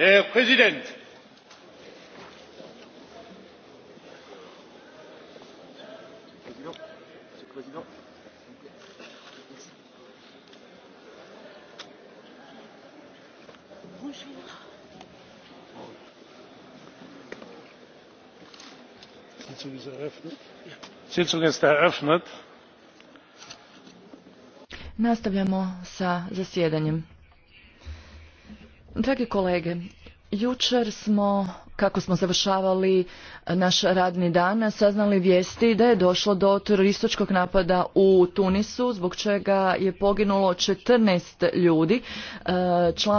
herr präsident! nastavljamo sa zasjedanjem. Dragi kolege, jučer smo, kako smo završavali naš radni dan, saznali vijesti da je došlo do terorističkog napada u Tunisu, zbog čega je poginulo 14 ljudi. E,